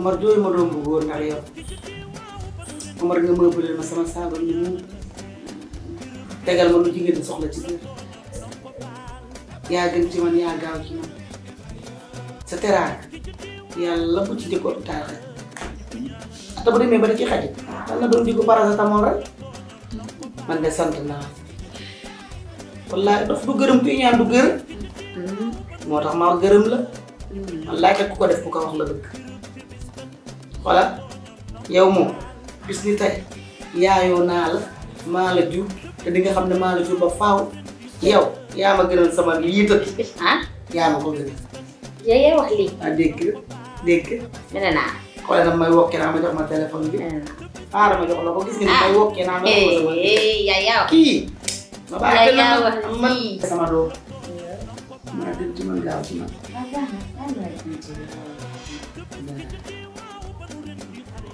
Omar jooy ma doom bu góor ndax yow Omar nga mëbaleel ma sama saabal ni mu tegal ma lu jigéen di soxla ci biir yaa gën ci man yaa gaaw ci man sa teraanga yàlla bu ci jëkk hôpital rek te demee ba da ci xaj yàlla doon jëkk paracetamol rek man de sant naa wallaahi daf du gërëm kuy ñaan du gërëm mm-hmm. moo tax ma gërëm la mm-hmm. wallaahi ku ko def bu ko wax la dëgg voilà yow moom bis ni tey yaayoo naa la maa la te di nga xam ne maa la jur ba faaw yow yaa ma gënal sama lii ah? yaa ma ko gënal. yow yaa wax lii. ah dégg dégg nga. nee naa. may wokkee naa ma jox ma téléphone bi. xaaral ma jox la ko gis ni may wokkee naa ma jox ma téléphone bi. Eh, yaa wax kii. ma baax ma man sama doom. maa gën ci man gaaw ci man.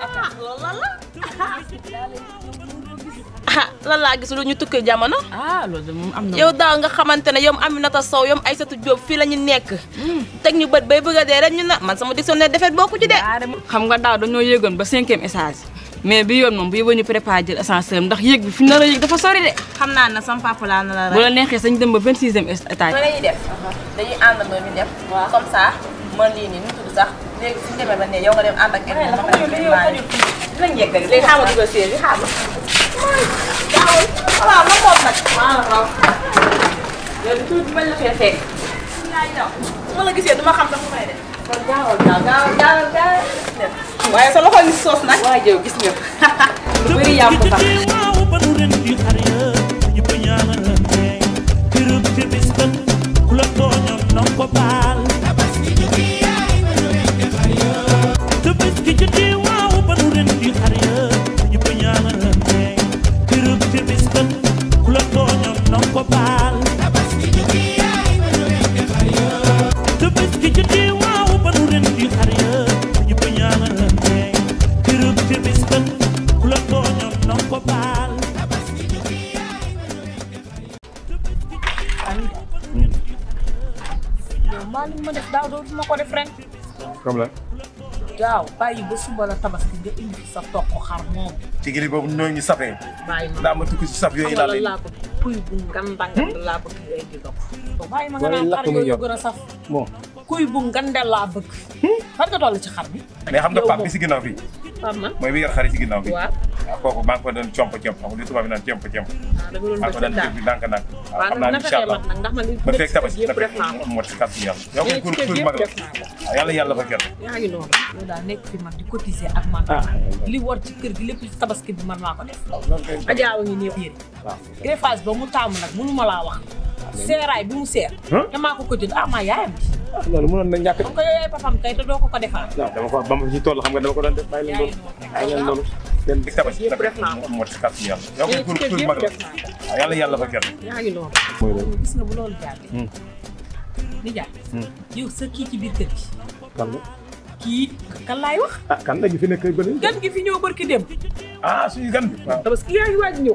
loolu ah, lan la. lan gis lu ñu tukkee jamono. ah loolu moom am na yow daaw nga xamante ne yow Aminata Sow yow Aïssatou Diop fii la ñu nekk. Hmm. teg ñu bët bay bëgg dee rek ñu na man sama dictionnaire defet bokku ci de. xam nga daaw dañoo yéegoon ba cinquième étage. mais bi yoon moom bu yóbboo ñu préparé jël ascenseur ndax yéeg bi fi nar a yéeg dafa sori de. xam naa ne sama papa laa na la. bu la neexee sañ dem ba vingt sixième étage. loolu la ñuy def dañuy จ้ะเรียกสิ่เด็ยแบบนี้ยงกันเรียวอ่านตะเกียบมาเป็นไปเรื่องเหยียดกันเรื่องห้าวมันก็เสียที่ห้ามัเจ้าพลาดเราหมดหมดมาแล้วเราเดินชุดไม่เลือกเสียไม่เลยก็เสียตัวมาคำสั่งไปเลยว่าสโลคอนสูสนะว่าเจอากิสเนี่ยไม่ได้ยาวขนาดนั้ comme la gaaw bàyyi ba suba la tabaski nga indi sa toq xar moom tigili boobu ñoo ñu safee bàyyi ma ndax ma tukki si saf yooyu laa leen laa ko kuy bu ngam bangam laa bëgg ngay di dox bàyyi ma nga naan xar yooyu gën a saf bon kuy bu ngandel la bëgg xam nga tollu ci xar bi mais xam nga pap bi ci ginnaw bi moy bi yor xari si ginnaaw bi wa koku ma ko don comp comp xam li tubaab yi naan comp comp maa ko doon bi dank ndànk xam naa incha allah ba fekk tabas na fekk mot si kàddu yalla yow ko kuur kuur ma la yalla yalla fa kenn yaa ngi noonu yow daa nekk fi man di cotiser ak man li wor ci kër gi lepp lépp tabaski bi man mako ko def ajaawa ngi nii yére greffage ba mu taamu nag mënuma laa wax serai bi mu seer. damaa ko ko jënd ah maa yaayam bi. ah loolu mënoon na ñàkk. comme que kay te doo ko ko defal. waaw dama ko ba ci toll xam nga dama ko doon def bàyyi leen loolu. bàyyi leen loolu. yéen di tabax yëpp def naa ko moo ci kàttu yàlla. yow kay pour mag la fa kenn. gis nga bu ni yow sa kan kan wax. ah kan, kan ah suñu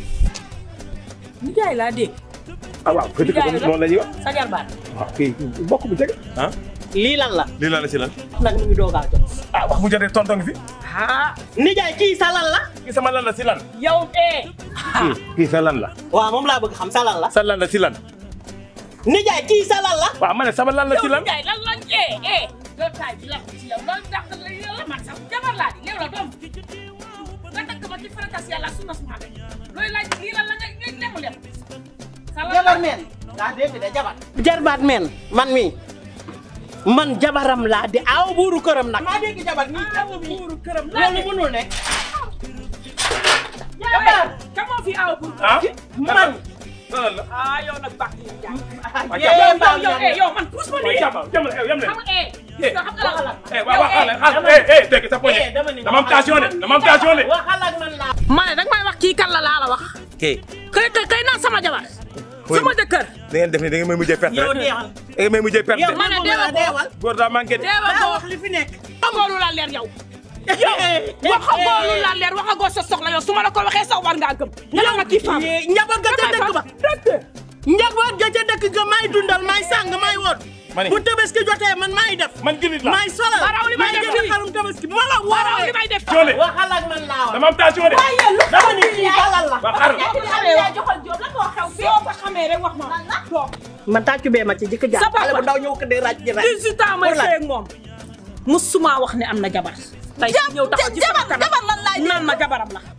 nijaay laa dégg ah waaw peut être que loolu la ñuy wax sa bu ah lii lan la lii lan la ci lan nag ah wax bu tonton fi ah nijaay kii sa lan la kii sama lan la si lan yow eh kii sa la waaw moom laa bëgg xam sa la sa la si lan nijaay kii sa lan la waaw ma sama lan la lan lan lan la ci yow tax la yow jabar di la ni farata ya, eh. man aw buru keureum nak ma degi ah, jabar nii aw buuru këram laa loolu mënul jabar kamo fi aw buru man. ah eh, yow nag bàq yi. yo man pousse mo ni eh. jabar jabar dama am tension de dama am tension de. ma ne danga may wax kii kan la laa la wax. kay kay kay naan sama jabar. sama jëkkër. da ngeen def ni da ngeen may mujjee perte rek. yow may mujjee perte. yow ma ne deewal ko góor daa manqué de. deewal ko wax li fi nekk. xamoo lu la leer yow. yow eh, waxagoo eh. la leer waxagoo sa soxla yow su ma la ko waxee sax war njaboot ga ca dekk ga may dundal may sang may wor bu tebeski joté man may def man gënit la may solal may def xarum tebeski wala ma la li may def jole waxal ak man la wax dama am ta tension de dama ni ci dalal la waxal joxal job la ko xew fi soo ko xamé rek wax ma man tàccu bee ma ci jëkk jaar ala bu ndaw ñew ko dee raj ji raj 18 ans may ak mom musuma wax ni amna jabar tay ñew taxaw ci sama kanam nan ma jabaram la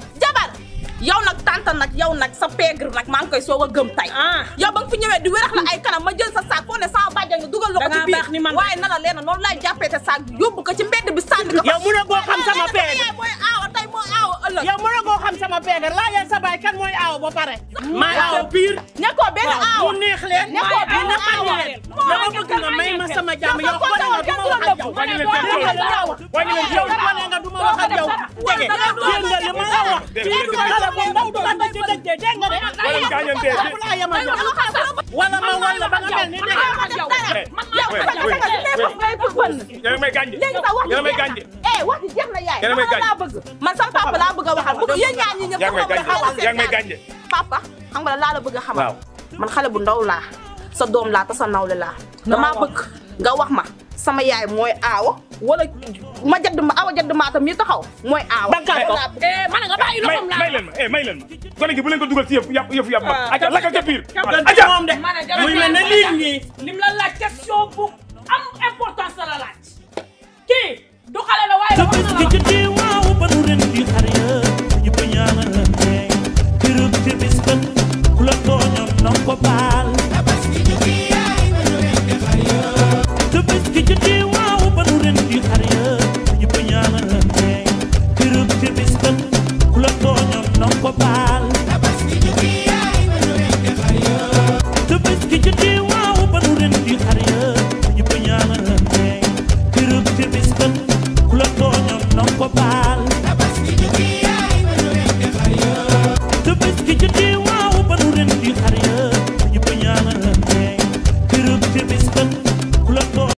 yow nak tante nak yow nak sa pègre nak mang koy soog gëm tay ah. yow ba nga fi ñëwé di wérax la ay kanam ma jël sa sac fo né sa bàjjan nga duggal loxo ci bi waye na la léna non lay jappé té sac yóbbu ko ci mbéd bi sand ko yow mu a go xam sama pègre moy aawa tay mo aawa ëlëk yow mu a go xam sama pègre la yeen sa baay kan moy aawa ba paré ma aawa pire ne ko benn aawa mu neex leen ne ko benn aawa dama bëgg na may ma sama jamm yow ko nga ko ko ak ko ko leen ko ko nga ko ko ak ko ko wala ma wala ba nga mel ni ne yow yow may gànje yow may gànje eh wax ji jeex na yaay yow may gànje laa bëgg man sama papa laa bëgg a waxal bu yéen ñaar ñi ñëpp yow may gànje papa xam nga laa la bëgg a xamal man xale bu ndaw laa sa doom laa te sa nawle laa damaa bëgg nga wax ma sama yaay mooy aawo wala ma jadd ma awa jadd maatam mi taxaw mooy aaw eh, eh, ma ne nga bàyyi loxoom laa may leen ma eh, may leen ma gone gi bu leen ko dugal ci yëf yëf yëf yàpp aca ah, laka ca biir aca moom de muy mel ne lii nii lim la laaj question bu am importance la laaj kii du xale la waaye la